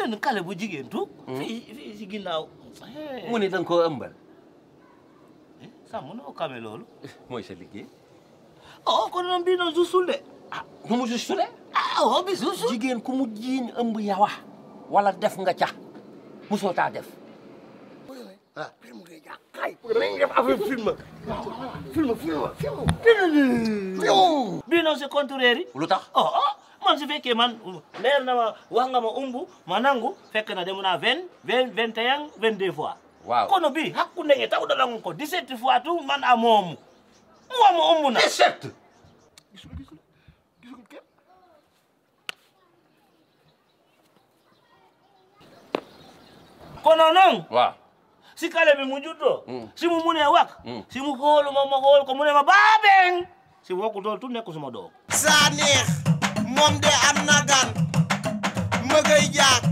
benn kale bu jigéen tuug. Hmm? fii fii si ginnaaw. Eh. mu ne danga koo ëmbal. Eh, sax mënoo kame loolu. mooy sa liggéey. oh, oh kon noonu bii noonu suusul de. ah nu mu suusul de. ah oh bi suusul. jigéen ku mu jiin ëmb yawa wala def nga ca musoo taa def. ah. bii noonu c'est contraire. lu tax oh oh. man si fekkee man ler na ma nga ma umbu ma nangu fekk na dem naa ven ven vingt et un vingt deux fois. waaw kono bi hakkunde nge taw dalangu ko 17 fois tu man a mu amu ma umbu na. Diset. kono nong, waaw si kale mi mu hmm. si mu munee wak hmm. si mu mama ma ma hoolu ko mu ne ma babeng, si wokku dool tun nekku suma Sanir. moom de am na gan mëgëy